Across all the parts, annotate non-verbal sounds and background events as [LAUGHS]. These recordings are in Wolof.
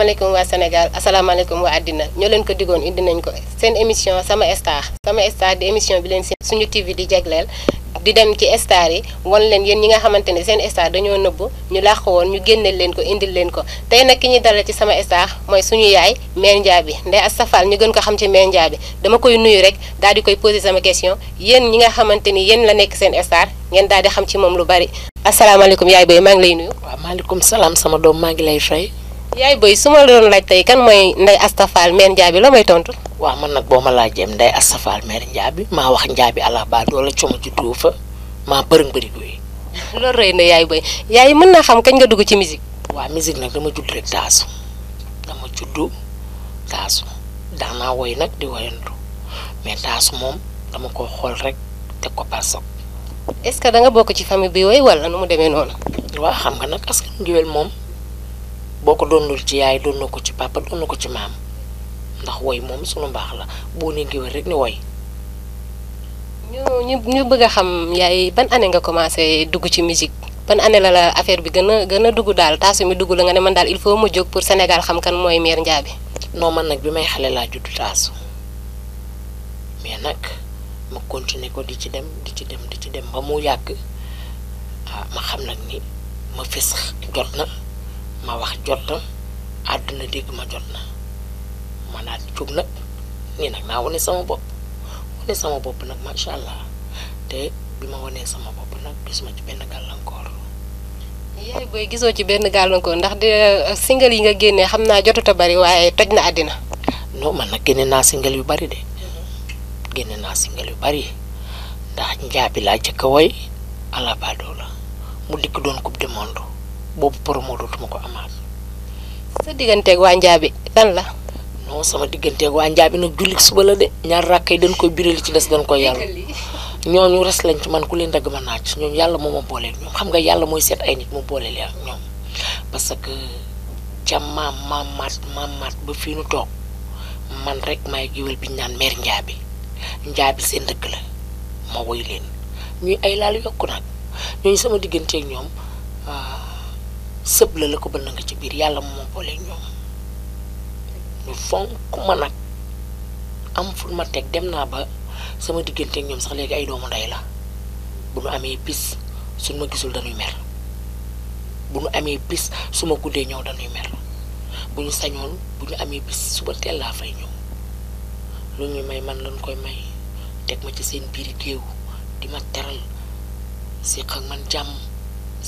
asalaamaaleykum waa Sénégal asalaamaaleykum waa àddina ñoo leen ko digoon indi nañ ko seen émission sama star sama star di émission bi leen si suñu TV di jagleel di dem ci star yi wan leen yéen ñi nga xamante ne seen star dañoo nëbb ñu làq woon ñu génneel leen ko indil leen ko tey nag ki ñuy dalal ci sama star mooy suñu yaay Mère Ndiaye bi Ndeye Asta Fall ñu gën ko xam ci Mère Ndiaye bi dama koy nuyu rek daal di koy poser sama question yéen ñi nga xamante ni yéen la nekk seen star ngeen daal di xam ci moom lu bari asalaamaaleykum yaay bay maa ngi lay nuyu. maaleykum salaam sama doom maa ngi lay yaay bëy su ma doon laaj tey kan mooy Ndeye Asta Fall mère Ndiaby la may tontu. waaw man nag boo ma laa Ndeye Asta Fall mère Ndiaby maa wax Ndiaby allah baal loola coomo ci doo fa maa bëri bëri koy. [LAUGHS] loolu rëy na yaay bëy yaay mën naa xam kañ nga dugg ci musique. waaw musique nag dama judd rek taasu dama judd taasu daanaa woy nag di woyantu mais taasu moom dama ko xool rek te ko paasam. est-ce que da nga bokk ci famille bi woy wala nu mu demee noonu. waaw xam nga nag askan géwél moom. boo ko doonul ci yaay doon na ko ci papa doon na ko ci maam ndax woy moom sunu mbaax la boo nee ngi wér rek ni woy ñu ñu ñu bëgg a xam yaay ban année nga commencé dugg ci musique ban année la la affaire bi gën a gën dugg daal taasu mi dugg la nga ne man daal il faut ma jóg pour Sénégal xam kan mooy Mère Ndiaby. non man nag bi may xale laa judd taasu mais nag ma continuer ko di ci dem di ci dem di ci dem ba mu yàgg ah ma xam nag ni ma fës jot na. ma wax jot na àdduna dégg ma jot na ma daal di nag nii nag naa wone sama bopp wane sama bopp nag macha allah te bi ma wanee sama bopp nag gis ma ci benn gàllankoor. yaay booy gisoo ci benn gàllankoor ndax de euh, single yi nga génnee xam naa jotut bari waaye toj na àddina. non man nag génne naa single yu bari de mhm. génne naa single yu bari ndax njaabi laa jëkk a woy Alabado la mu dikk doon coupe du monde. boobu promo dootuma ko amaat. sa digganteeg waa Njaabi lan la. non sama digganteeg waa bi nag jullit suba la de ñaar rakk yi dañ koy biral ci des dañ koy yàlla [LAUGHS] ñooñu res lañ ci man ku leen dagg ma naaj ñoom yàlla moo ma booleel ñoom xam nga yàlla mooy seet ay nit mu boole ak ñoom parce que ca maam maamaat maamaat ba fii nu toog man rek may géwél bi ñu naan bi Njaabi bi seen dëkk la ma woy leen ñuy ay laal yokku nag ñooñu sama digganteeg ñoom. sëb la la ko bënn nga ci biir yàlla moo boole ñoom ñu fonk ma nag am fu ma teg dem naa ba sama diggante ak ñoom sax léegi ay doomu ndey la bu nu amee bis su ma gisul dañuy mer bu nu amee bis su ma guddee ñëw dañuy mer bu ñu sañoon bu ñu amee bis suba teel laa fay ñëw lu ñu may man lañ koy may teg ma ci seen biir géew di ma teral si xag man jàmm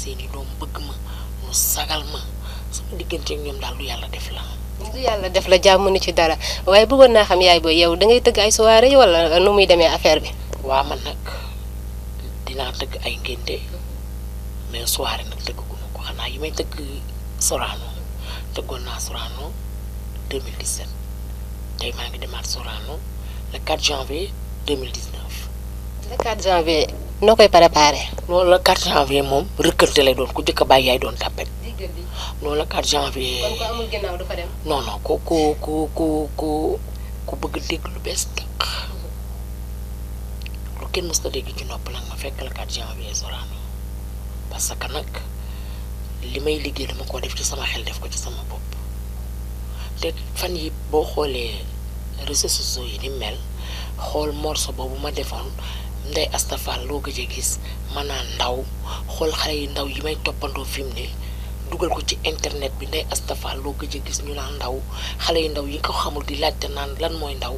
seeni doom bëgg ma mu sagal ma sama diggante ñoom daal lu yàlla def la. lu yàlla def la jàmm ni ci dara waaye bëggoon naa xam yaay booy yow da ngay tëgg ay soirée wala nu muy demee affaire bi. waa man nag dinaa tëgg ay ngénte mais soirée nag tëgg gu ko xanaa yi may tëgg Sorano tëggoon naa Sorano 2017 tey maa ngi demaat Sorano le 4 janvier 2019. le 4 janvier. noo koy pare préparé. loolu la 4 janvier moom rëkkante lay doon ku njëkk a bàyyi yaay doon tàppet. loolu la 4 janvier. kon ko amul ginnaaw dafa dem. ku bëgg dégg lu bees tàq lu kenn mës ko dégg ci nopp nag ma fekk la 4 janvier Sorano parce que nag li may liggéey dama ko def ci sama xel def ko ci sama bopp te fan yi boo xoolee réseaux sociaux yi ni mel xool morceau boobu ma defoon. Ndeye Asta loo gëj a gis maanaam ndaw xool xale yu ndaw yi may toppandoo fim mu dugal ko ci internet bi Ndeye Asta Fall loo gëj a gis ñu naan ndaw xale yu ndaw yi ko xamul di laajte naan lan mooy ndaw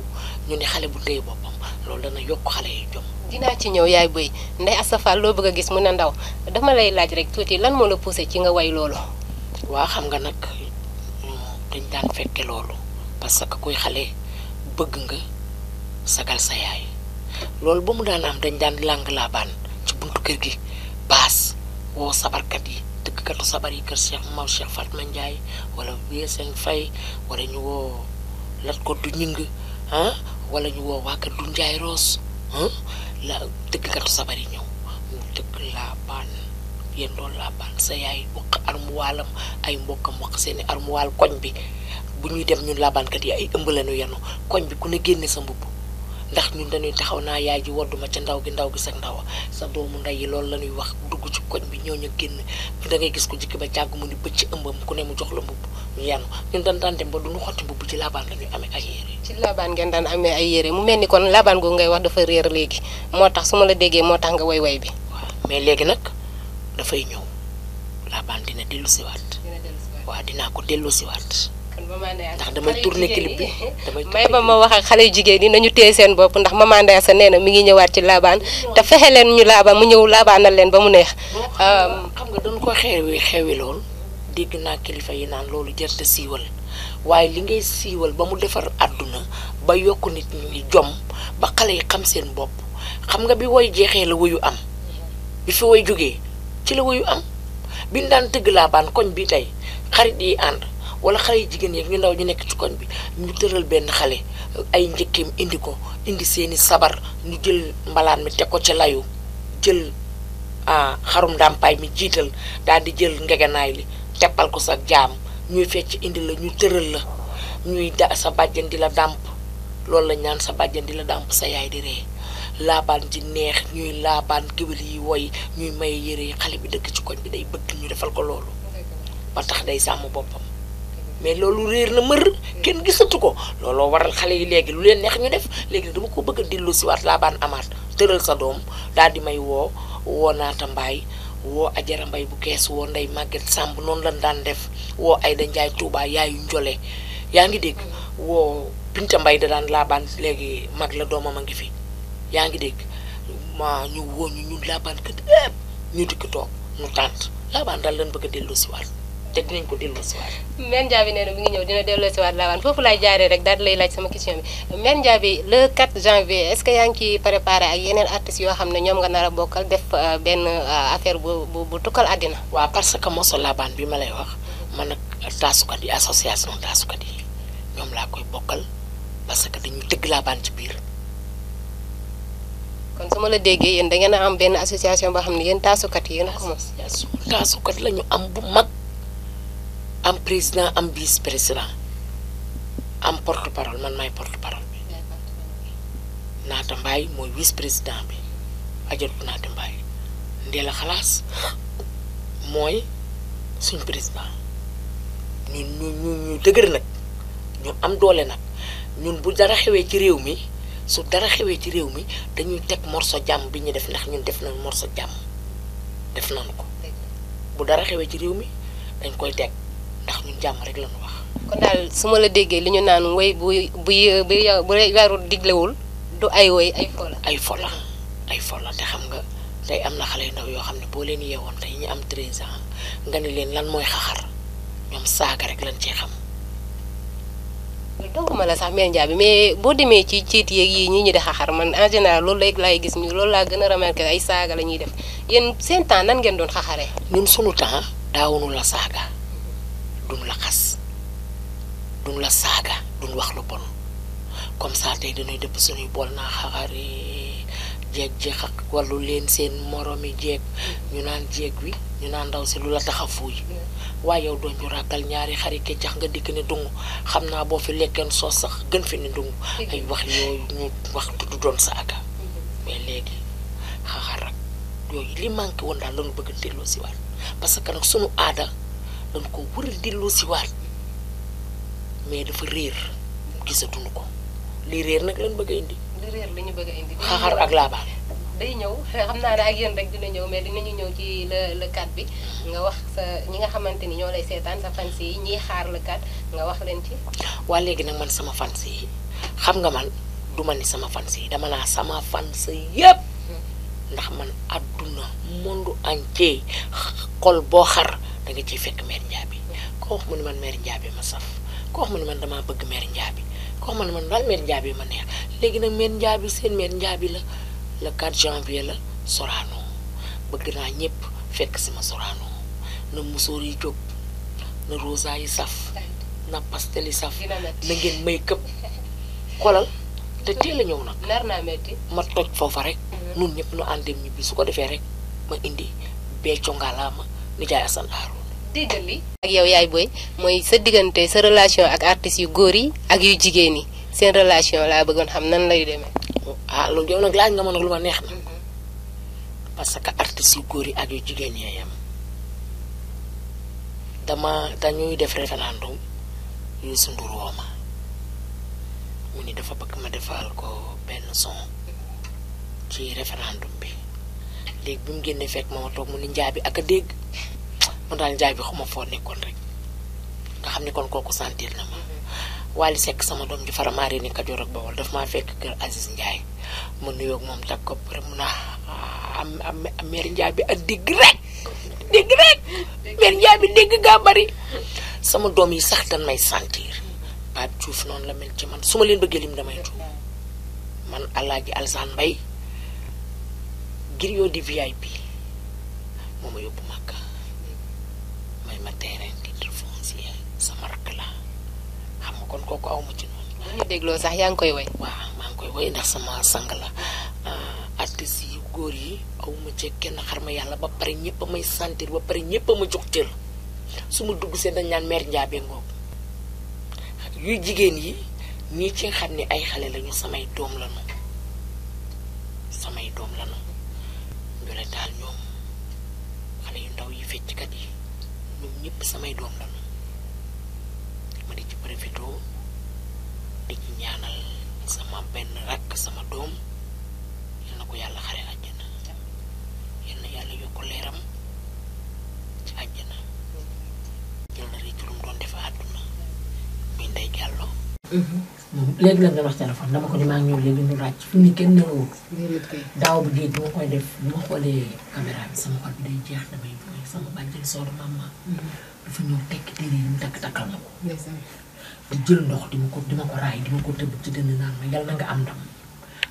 ñu ne xale bu téye boppam loolu dana yokk xale yi jom. dinaa ci ñëw yaay bëy Ndeye Asta Fall loo bëgg a gis mu ne ndaw dama lay laaj rek tuuti lan moo la poussé ci nga way loolu. waa xam nga nag dañ daan fekke loolu parce que kuy xale bëgg nga sagal sa yaay. loolu ba mu daan am dañ daan làng laabaan ci buntu kër gi baas woo sabarkat yi tëggkatu sabar yi kër Cheikh Maam Cheikh Fatma njaay wala Weeseng Fay wala ñu woo lat ko du ñing ah wala ñu woo waa kër du Ndiaye Roos ah, la tëggkatu sabar yi ñëw mu tëgg laabaan yéen loolu laabaan sa yaay wax armuwaalam ay mbokkam wax seeni armuwaal koñ bi bu ñuy dem ñun laabaankat yi ay ëmb lañu yenu koñ bi ku ne génne sa mbubb ndax ñun dañuy taxaw naa yaay ji wodduma ca ndaw gi ndaw gi sa ndaw sa doomu ndey yi loolu la ñuy wax dugg ci koñ bi ñëw ñu génn da ngay gis ko jikki ba càgg mu ni ci ëmbam ku ne mu jox la mbubb ñu yanu ñu dañ daan dem ba du ñu xotti mbubb ci laabaan la amee ay yére. ci laabaan ngeen daan amee ay yére mu mel ni kon laabaan googu ngay wax dafa réer léegi moo tax su ma la déggee moo tax nga way way bi. waaw mais léegi nag dafay ñëw laabaan dina dellu siwaat. dina dellu ko dellu siwaat ndax damay tourné clip bi damay may ba ma wax ak xale yu jigéen yi nañu téye seen bopp ndax maman Ndeye sa nee na mi ngi ñëwaat ci laabaan te fexe leen ñu laabaan mu ñëw laabaanal leen ba mu neex. xam um, nga dañ ko xewi xewi lool dégg naa kilifa yi naan loolu jërte siiwal waaye li ngay siiwal ba mu defar àdduna ba yokk nit ñi jom ba xale yi xam seen bopp xam nga bi woy jeexee la wuyu am bi fi woy jógee ci la wuyu am bi ñu daan tëgg laabaan koñ bi tey xarit yi ànd. wala xale yu jigéen yeeg ñu ndaw ñu nekk ci koñ bi ñu tëral benn xale ay njëkkeem indi ko indi seeni sabar ñu jël mbalaan mi teg ko ci layu jël xarum ndàmpaay mi jiital daal di jël ngegenaay li teppal ko sa jaam ñuy fecc indi la ñu tëral la ñuy sa bàjjen di la dàmp loolu lañ ñaan sa bàjjen di la dàmp sa yaay di ree laabaan ji neex ñuy laabaan géwél yi woy ñuy maye yére yi xale bi dëkk ci koñ bi day bëgg ñu defal ko loolu ba tax day sàmm boppam mais loolu réer na mër kenn gisatu ko looloo waral xale yi léegi lu leen neex ñu def léegi dama ko bëgg a dellu si waat laa baan amaat tëral sa doom daal di may woo woo naata mbaay woo ajara mbay bu kees woo ndey Maguette sàmb noonu lañ daan def woo Ayda Njaay Tuubaa yaayu njole yaa ngi dégg woo Binta Mbay da daan laabaan léegi mag la doomam a ngi fi yaa ngi dégg ma ñu woo ñu ñun laabaan kat yëpp ñu dikk toog ñu tànt laabaan daal lañ bëgg a dellu siwaat te dinañ ko delloosiwaat. Mère Ndiaye nee na mi ngi ñëw dina delloosiwaat laawaan foofu laay jaaree rek daal di lay laaj sama question bi Mère Ndiaye le 4 janvier est-ce que yaa ngi ciy préparé ak yeneen artistes yoo xam ne ñoom nga nar a bokkal def euh, benn euh, affaire bu bu bu tukkal àddina. waaw parce que moso laabaan bi ma lay wax man nag taasukat yi association taasukat yi ñoom laa koy bokkal parce que dañuy tëgg laabaan ci biir. kon su ma la déggee yéen da ngeen a am benn association boo xam ne yéen taasukat yi yéen a ñu am bu mag. am président am vice président am porte parole man maay porte parole naata mbaay mooy vice président bi ajot bu naata mbaay ndeel a xalaas mooy suñ président ñu ñu ñu ñu dëgër nag ñu am doole nag ñun bu dara xewee ci réew mi su dara xewee ci réew mi dañuy teg morso jàmm bi ñu def ndax ñun def nañu morso jàmm def nañu ko bu dara xewee ci réew mi dañ koy teg ndax ñu jàmm rek la ñu wax. kon daal su ma la déggee li ñu naan woy bu buy bu yarul diglewul du ay woy ay fola ay fola ay fola te xam nga tey am na xale yu ndaw yoo xam ne boo leen yeewoon tey ñu am 13 ans nga leen lan mooy xaxar ñoom saaga rek la sax mère Ndiaye bi mais boo demee ci ciit yeeg yi ñii ñi di xaxar man en loolu léegi laay gis ñu loolu laa gën a remarqué ay saaga la ñuy def yéen seen temps nan ngeen doon xaxaree. ñun sunu temps daawunu la saaga. duñ la xas duñ la saaga duñ wax lu bon comme ça tey dañuy dëpp suñuy bool naa xaxari jeeg jeeg ak wàllu leen seen moromi jeeg ñu naan jeeg wi ñu naan ndaw si lu la tax a fuuy waaye yow doon ñu ràkkal ñaari xarit te jax nga dikk ne dung xam naa boo fi lekkeen soos sax gën fi ne dung ay wax yooyu ñu wax du doon saaga mais léegi xaxar ak yooyu li manqué woon daal lañu bëgg delloo si waat parce nag sunu aada dañ ko wëral delloo si waat mais dafa réer gisatuñu ko li réer nag lañ bëgg a indi. li réer la bëgg a indi. xaxar ak laabaale. day ñëw xam naa ne ak yéen rek dina ñëw mais dinañu ñëw ci le le 4 bi nga wax sa ñi nga xamante ni ñoo lay seetaan sa fans yi ñiy xaar le nga wax leen ci. waa léegi nag man sama fans yi xam nga man du ma ni sama fans yi dama naa sama fans yépp hmm. ndax man àdduna monde entier xol boo xar da nga ciy fekk mère Ndiaby koo wax mu ne man mère Ndiaby ma saf koo wax mu ne man damaa bëgg mère Ndiaby koo wax mu ne man daal mère Ndiaby ma neex léegi nag mère Ndiaby seen mère Ndiaby la le 4 janvier la Sorano bëgg naa ñëpp fekk si ma Sorano na musóor yi jóg na rosa yi saf na pastel yi saf na ngeen may këpp xolal te teel a ñëw nag ma toj foofa rek nun ñëpp nu àndeem ñibbi su ko defee rek ma indi beeco ngalaama nijaay asan déggal li ak yow yaay booy mooy sa diggante sa relation ak artistes yu góor yi ak yu jigéen yi seen relation laa bëggoon xam nan lay demee. ah loolu yow nag laaj nga ma lu ma neex na mm-hmm. parce que artistes yu góor yi ak yu jigéen ñee yam dama dañuy def référendum yu sundu rooma mu ni dafa bëgg ma defal ko benn son ci référendum bi léegi bi mu génnee fekk ma ma toog mu ni njaabi ak a dégg. man daal njaay bi foo nekkoon rek nga kon kooku sentir na ma sama doom ji faramaare ni daf ma nuyoog moom ko pare bi ak dégg rek dégg yi sax dañ may sentir Pape noonu la mel man su ma bëggee lim damay tuub man Alsaan Mbay ngir yoo di VIP moo ma yóbbu Makka may ma terrain titre foncier sama rakk la xam nga kon kooku aw ma ci noonu. maa ngi dégloo sax yaa ngi koy woy. waaw maa ngi koy woy ndax sama sang la ah, artistes yi góor yi aw ma ci kenn xar ma yàlla ba pare ñëpp a may sentir ba pare ñëpp a ma jox cër su ma dugg see dañ naan mer Ndiabé ngoog yuy jigéen yi nii ci xam ni ay xale lañu samay doom lañu samay doom la ñu la daal ñoom xale yu ndaw yi fecckat yi. ñun ñëpp samay doom lañu ma di ci profité di ñaanal sama benn rakk sama doom yal na ko yàlla xare àjjana yal na yàlla yokk leeram ci àjjana jël na rëcc lu mu doon def àdduna muy ndey jàlloo mm-hmm. léegi la nga wax téléphone dama ko ni maa ñëw léegi ñu ràcc fi mu kenn daaw bi géej bi koy def bi ma xoolee caméra bi sama xol bi day jeex damay booy sama bàjjen soxna mm-hmm. ndox di di ci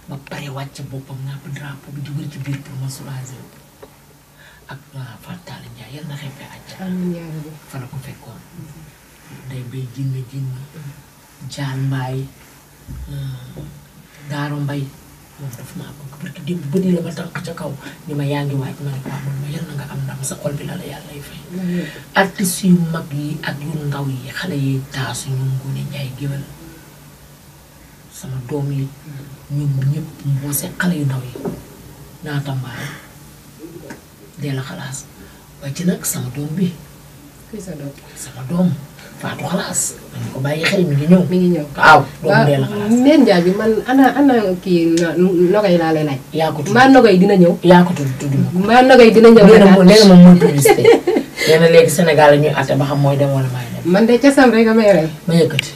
dënn pare wàcc boppam naa ko drapeau bi di wër ci biir pour ma soulager ak Fantale Ndiaye yal na xeppee àjjana fa ko fekkoon mm-hmm. day bay jinne jinne mm-hmm. jaal mbaay Euh, daaro mbay moom daf maa bëgg barki démb bëri la ma tànk ca kaw li ma yaa ngi waaj ma ne ko amoon na nga sa xol bi la la yàlla lay fay. Mm-hmm. artistes yu mag yi ak yu ndaw yi xale yi taasu ñu Ngoné Ndiaye géwél sama doom yi ñoom ñëpp moo xale yu ndaw yi naa tambaay dee la xalaas waaye nag sama doom bi. sama doom. Fatou xalaas. dañu ko bàyyi xel mi ngi ñëw. mi ngi ñëw waaw. doomu dee la xalaas Mbène Ndiaye bi man ana ana kii ñëw. yaa ko tudd tudd maa nogay dina ñëw. nee la ñuy àtte ba mooy dem wala man de casam rek a may ma yëkkati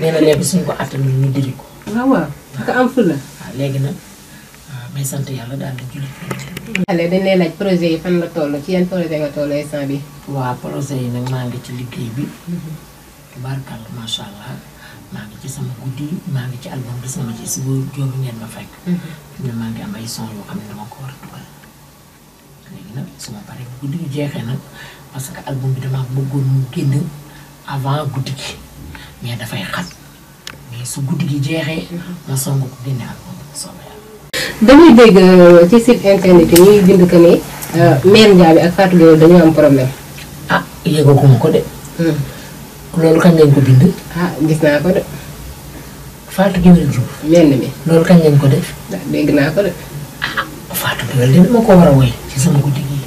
nee na suñ ko àtte ñun ñu diri ko. waaw waaw ka am fu waaw léegi nag ah, may sant yàlla daal di xale dañ lay laaj projet yi fan la toll ci yan projet nga toll instant bi waaw projet yi nag maa ngi ci liggéey bi mhm. tubaarkàlla macha allah maa ngi ci sama guddi maa ngi ci album bi sama ci suba ngeen ma fekk mhm. ne a dugal léegi nag nag parce que album bi dama bëggoon mu génn avant guddi gi mais dafay xat mais su guddi gi jeexee mhm. ma song ko génne album bi soobee dañuy dégg euh, ci site internet yi ñuy bind que ne euh, mère Ndiaye bi ak Fatou Gueye dañoo am problème. ah yëgoo ko ma ko de. Hmm. loolu kañ lañ ko bind. ah gis naa ko de. Fatou Gueye Diouf. mel loolu kañ lañ ko def. ah dégg naa ko de. ah Fatou ko war a woy ci sama guddi gi.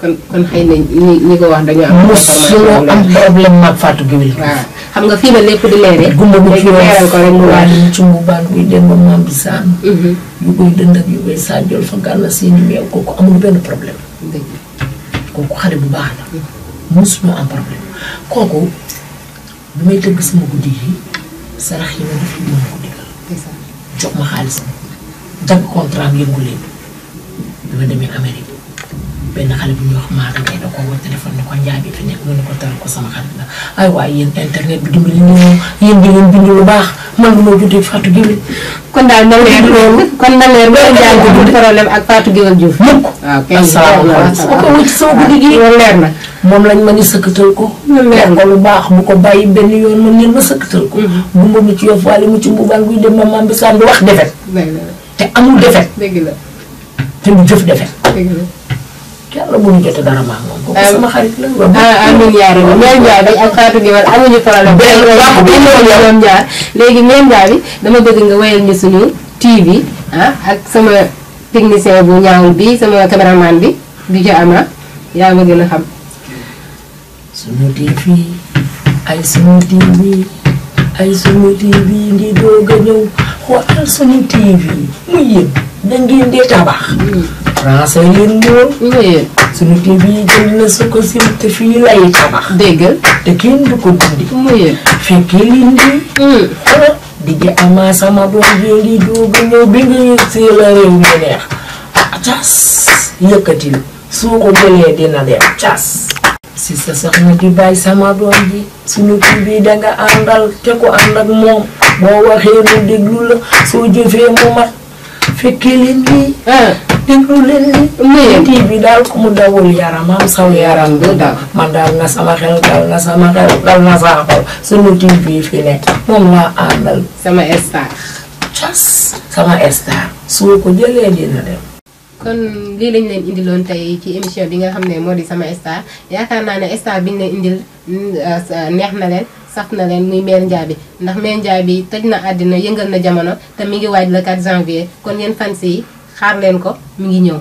kon kon xëy na ñi ñi ko wax dañoo am. problème mu am problème waaw. xam nga fii la lépp di leeree. gumba bu fi leeral ko rek mu waat cumbu baat buy dem ba maam bi saanu. Mhm. yu koy dënd yu koy saajol fa gàll seen meew kooku amul benn problème. kooku xale bu baax la. Mhm. mosuma am problème kooku bu may tëgg sama guddi yi sarax yi ma def yi mën ko digal. jox ma xaalis dagg contrat am yëngu demee Amérique. benn xale bu ñuy wax Maodo Gueye da koo ko Ndiaye bi fi nekk mu ne ko teral ko sama xarit la lu baax man lu ma juddee kon daal na ak Fatou Gueye Diouf. mukk waaw kay asalaamaaleykum leer na. moom lañ ma ni sëkkatal ko. leer ko lu baax bu ko bàyyi benn yoon man ngeen ma sëkkatal ko. Mm-hmm. bu ma mucc yof wala mucc mbuubaan ma maam bi saan du wax defet te amul defet te mu jëf defet yàlla bu ñu jotee dara maa moom. kooku sama xarit la. Ah, léegi Mère Ndiaye bi dama bëgg nga wayal ñu suñu TV ah ak sama technicien bu ñaawul bi sama caméraman bi di jo ama yaa ma gën xam. suñu TV ay suñu TV ay suñu TV ngi doog a ñëw. xoolal suñu TV mu yéen da ngeen tabax. français leen moom. yéen suñu TV yi jël na su ko sim te fii lay tabax. dégg te kenn du ko dindi. mu fekkee leen di. Hmm. xoolal di nga amaat sama doom jee ngi doog a bi nga yëg ah, si sa soxna di bàyyi sama doom ji suñu TV da nga àndal te ko ànd ak moom. boo waxee nu déglu la soo jëfee mu mat fekkee leen lii ah. déglu leen lii mais tii bi daal ku mu dawul yaram am saw yaram du daal man daal na sama xel dal na sama xel dal na saa xol sunu tii bii fi nekk moom laa àndal sama star cas sama star soo ko jëlee dina dem kon lii lañ leen indiloon tey ci émission bi nga xam ne moo di sama star yaakaar naa ne bi biñ leen indil mm, euh, neex na leen saf na leen muy Mère Ndiaye bi ndax Mère Ndiaye bi tëj na àddina yëngal na jamono te mi ngi waaj le 4 janvier kon yéen fans yi xaar leen ko mu ngi ñëw